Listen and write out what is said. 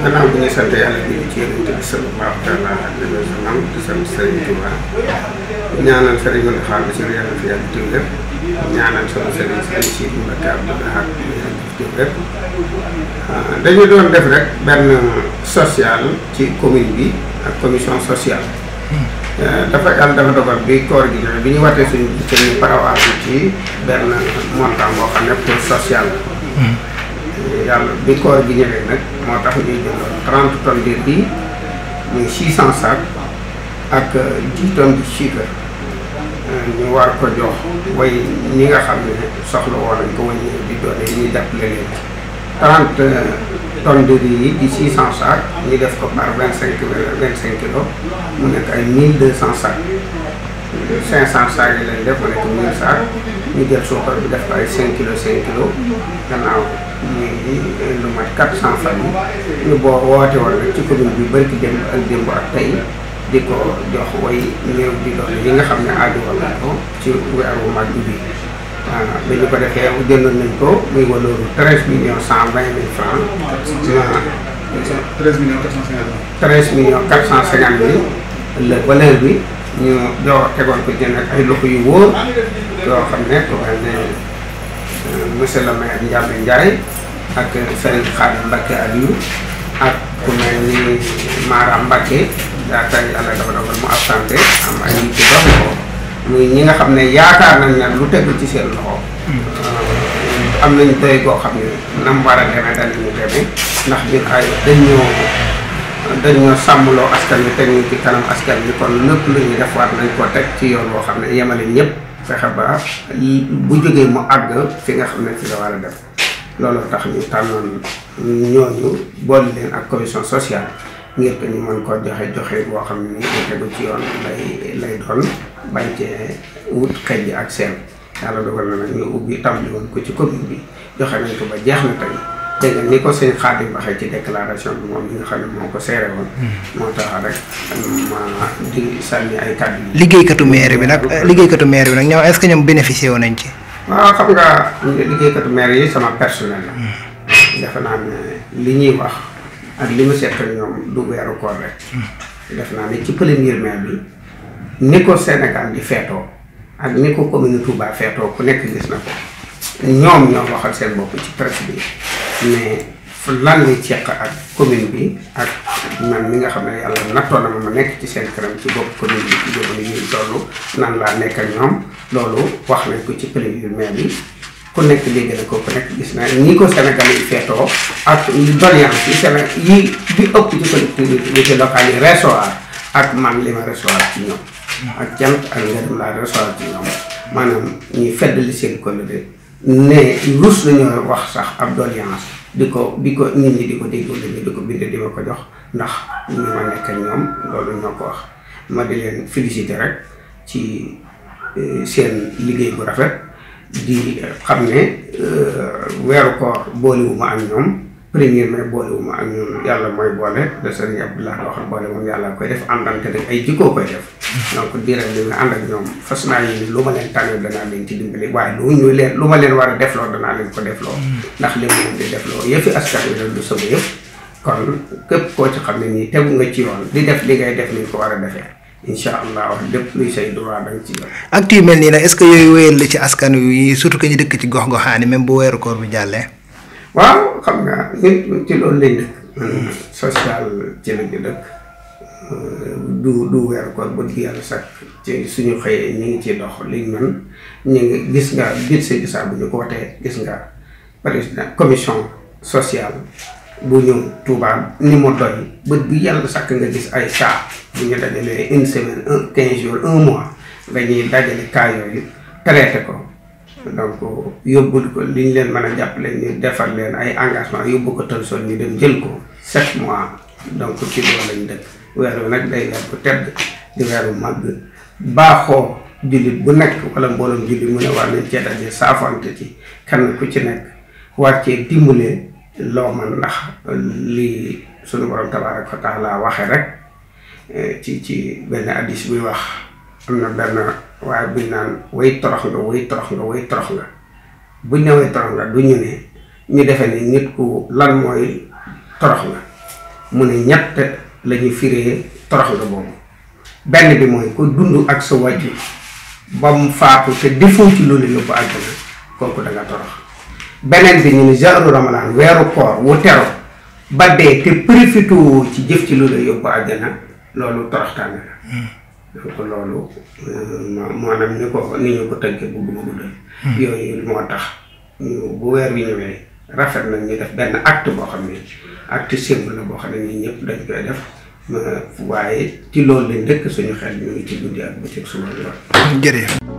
gannaaw bi ñu sant yàlla julli ci yonent bi sallallahu taala alayhi wa sallam di sant Sëriñ Tuuba ñaanal Sëriñ Muntaxa bi ci yàlla fi yàlla jiw ñaanal sama sëriñ sëriñ si Mbacke Abdou Lahad bi yàlla jiw lépp dañu doon def rek benn social ci commune bi ak commission sociale dafa yàlla dafa dogal bi koor gi bi ñu watee suñu suñu parawaasu ci benn montant boo pour social yàlla bi koor nag moo tax ñuy jënd trente tonnes de riz muy six cent sac ak euh, dix tonnes de sucre euh, ñu war ko jox way ñi nga xam ne soxla woon nañ ko wëññi di doole yi ñuy jàppale leen trente euh, tonnes de yi di six cent sac ñu def ko par vingt cinq vingt cinq kilos mu nekk ay mille deux cent sac cinq cent sacs yi lañ def mu nekk mille sac ñu jël suukar bi def ko ay cinq kilos cinq kilos gannaaw léegi lu mat ñu boo woote woon nag ci commune bi barki dem ak démb ak tey di ko jox way néew di dox yi nga xam ne aaju woon ko ci weeru mag bi waaw bi ñu ko defee jëndoon nañ ko muy walooru treize millions cent vingt mille francs treize cent cinquante mille cent cinquante mille la valeur bi ñu jox tegoon ko jënd ak ay loxo yu wóor yoo xam ne ko xam monsieur le maire Ndiambe Ndiaye ak Serigne Khadim Mbacke Aliou ak ku mel Mara Mbacke daa tey yàlla dafa dogal mu absenté am ay nit ci dox ko muy ñi nga xam ne yaakaar nañ ne lu tegu ci seen loxo am nañ doy goo xam nam a demee danañu demee ndax ñun ay dañ ñoo dañoo askan wi teg ñu ci kanam askan wi kon lépp lu ñuy def war nañ ko teg ci yoon fexe ba bu jógee mu àgg fi nga xam ne fi la war a def loolu tax ñu tànnoon ñooñu boole leen ak commission sociale ngir que ñu mën koo joxe joxe boo xam ne ñu tegu ci yoon lay lay doon bañ wut xej ji ak seen yàlla dogal na nag ñu ubbi tàmbali woon ko ci commune bi joxe nañ ko ba jeex na tey. te nag ni ko sëñ Xaadim waxee ci déclaration bi moom li xam ne moo ko seere woon. Hmm. moo tax rek ma di sànni ay kàddu. liggéeykatu maire bi nag liggéeykatu maire bi nag ñoom est ñoom nañ ci. waaw xam nga liggéeykatu maire yi sama personnel la. Hmm. defe li ñuy wax li mu seq ñoom du weeru koor rek. Hmm. defe naa ne ci premier maire bi ni ko Sénégal di feetoo ak ni ko commune Touba feetoo ku nekk gis na ko ñoom ñoo waxal seen bopp ci presse bi. mais lan la ceeq ak commune bi ak man mi nga xam ne yàlla nattoon na ma ma nekk ci seen kanam ci bopp commune bi ci jamono nan laa nekk ak ñoom loolu wax nañ ko ci préliminaire bi ku nekk léegi na ko ku nekk gis naa ñi ko Sénégal yi feetoo ak doléance yi Sénégal yi bi ëpp ci collectivités locales yi recevoir ak man li ma recevoir ci ñoom ak cant ak ngërëm laa recevoir ci ñoom maanaam ñuy feddali seen collègue ne rus nañoo wax sax ab doléance di ko di ko nit ñi di ko déglu ñu di ko bind di ma ko jox ndax ñu ma nekk ñoom loolu ñoo ko wax ma di leen féliciter rek ci euh, seen liggéey bu rafet di xam ne euh, weeru ko boolewuma ak ñoom premier may boolewuma ak ñun yàlla mooy boole de sëriñ Abdoulaye waxal boole moom yàlla koy def àndante nag ay jikkoo koy def donc biiram li nga ànd ak ñoom fas naa yi lu ma leen tànnee danaa leen ci dimbali waaye lu ñu leen lu ma leen war a defloo danaa leen ko defloo hmm. ndax li ma leen di defloo yëfi askan wi la du sama yëpp kon képp koo ci xam ne nii tegu nga ci yoon di def li ngay def ni ko war a defee incha allah wax lépp luy say droit da nga ci jot. ak yu mel nii nag est ce que yooyu wéyal la ci askan wi surtout que ñu dëkk ci gox goxaani même bu weeru koor bu jàllee. waaw xam nga ñun ci loolu lañ dëkk. social ci la ñu dëkk. du du weer koor ba gi yàlla sax ci suñu xëyee ñu ngi ciy dox liñ man ñu ngi gis nga biir sa gisaa bu ñu ko watee gis nga président commission sociale bu ñëw Touba ni mu doy bët bi yàlla sàkk nga gis ay saa bu ñu dajalee une semaine un quinze jours un mois dañuy dajale cas yooyu traité ko. donc yóbbul ko li ñu leen mën a jàppale ñu defar leen ay engagement yóbbu ko Tonsor ñu dem jël ko set mois donc ci loolu lañ dëkk weer wi nag day weer bu tedd di weeru màgg baaxoo jullit bu nekk wala mbooloom jullit mu ne war nañ cee daje saafante ci kenn ku ci nekk war cee dimbale loo man ndax lii sunu borom tabaaraka wa taala waxe rek eh, ci ci benn addis buy wax am na benn waaye buñ naan way torox nga way torox nga way torox nga buñ ne way torox nga du ñu ne ñu defee ne nit ku lan mooy torox nga mu ne ñett la ñu firee torox nga boobu benn bi mooy ko dund ak sa wàjju ba mu faatu te defoo ci loolu yóbbu àjjana kooku da torox beneen bi ñu ne jaru ramadan weeru koor wu tero ba dee te profité ci jëf ci loolu yóbbu àjjana loolu toroxtaane la hmm. ko loolu euh, maanaam ñu ko ni ñu ko tënke bugguma guddal hmm. yooyu moo tax ñu bu weer wi ñëwee rafet na ñu def benn acte boo xam ne acte simple la boo xam ne ñun ñëpp dañ koy def euh, waaye ci loolu lañ dëkk suñu xel ñu ngi ci guddi ak bëccëg suñu yoon jërëjëf